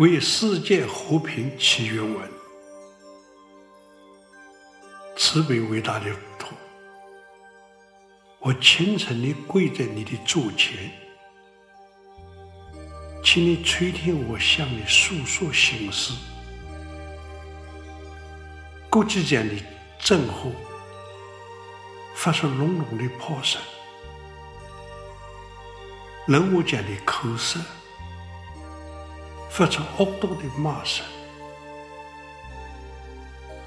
為世界和平祈願文，慈悲偉大的佛陀，我虔誠的跪在你的座前，請你垂聽我向你訴說心事。國際間的戰火發出隆隆的炮聲，人我間的口舌。發出惡毒的罵聲，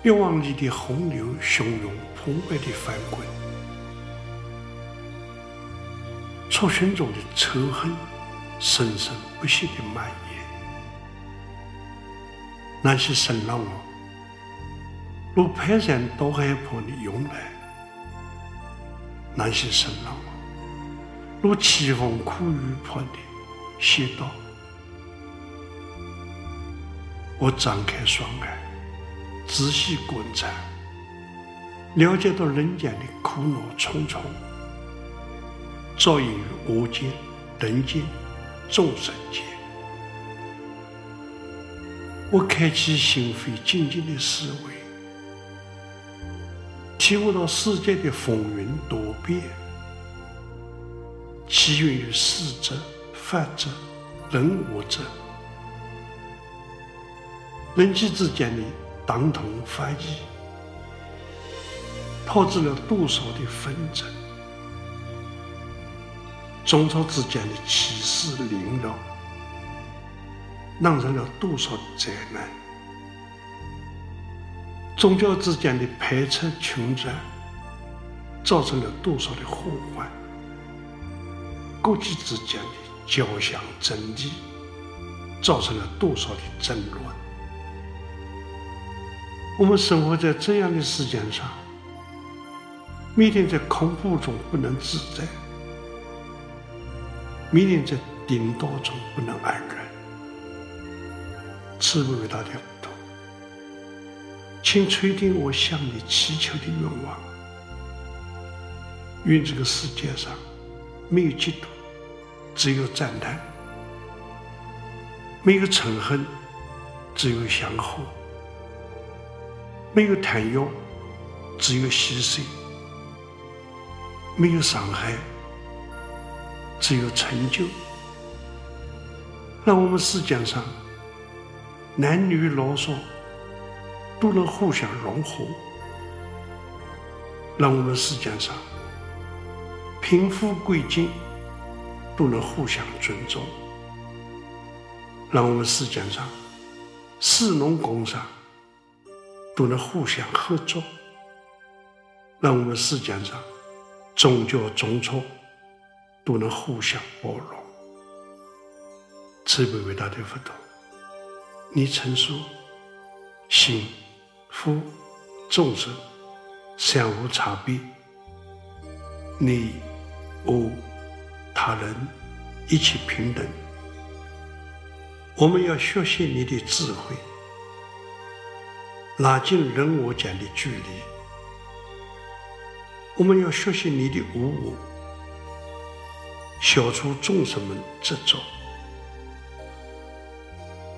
欲望裡的洪流洶湧澎湃的翻滾，族群中的仇恨生生不息的蔓延。那些聲浪啊！如排山倒海般的湧來；那些聲浪啊！如淒風苦雨般的襲到。我張開雙眼，仔細觀察，了解到人間的苦惱重重，肇因於我見、人見、眾生見。我開啟心扉，靜靜的思維，體悟到世界的風雲多變，起源於事執、法執、人我執。人際之間的黨同伐異，導致了多少的紛爭？種族之間的歧視凌虐，釀成了多少的災難？宗教之間的排斥傾軋，造成了多少的禍患？國際之間的交相爭利，造成了多少的戰亂？我們生活在這樣的世間上，每天在恐怖中不能自在，每天在顛倒中不能安然。慈悲偉大的佛陀！請垂聽我向你祈求的願望，願這個世界上沒有嫉妒，只有讚嘆；沒有瞋恨，只有祥和。沒有貪欲，只有喜捨；沒有傷害，只有成就。讓我們世間上男女老少都能互相融和；讓我們世間上貧富貴賤都能互相尊重；讓我們世間上士農工商。都能互相合作，讓我們世間上宗教、種族都能互相包容，慈悲偉大的佛陀，您曾說，心、佛、眾生三無差別，你我，哦、他人一切平等，我們要學習你的智慧。拉近人我間的距離，我們要學習你的無我，消除眾生們的執着；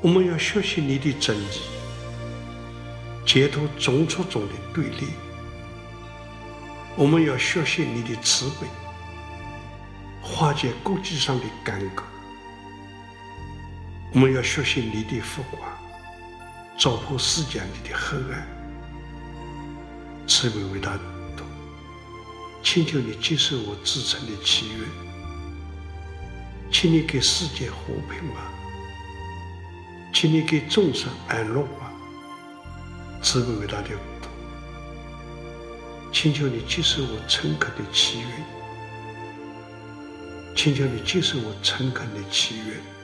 我們要學習你的真理，解脫種族中的對立；我們要學習你的慈悲，化解國際上的干戈。我們要學習你的佛光。照破世間裡的黑暗，慈悲偉大的佛陀！請求你接受我至誠的祈願，請你給世界和平吧！啊，請你給眾生安樂吧！啊，慈悲偉大的佛陀！請求你接受我誠懇的祈願，請求你接受我誠懇的祈願。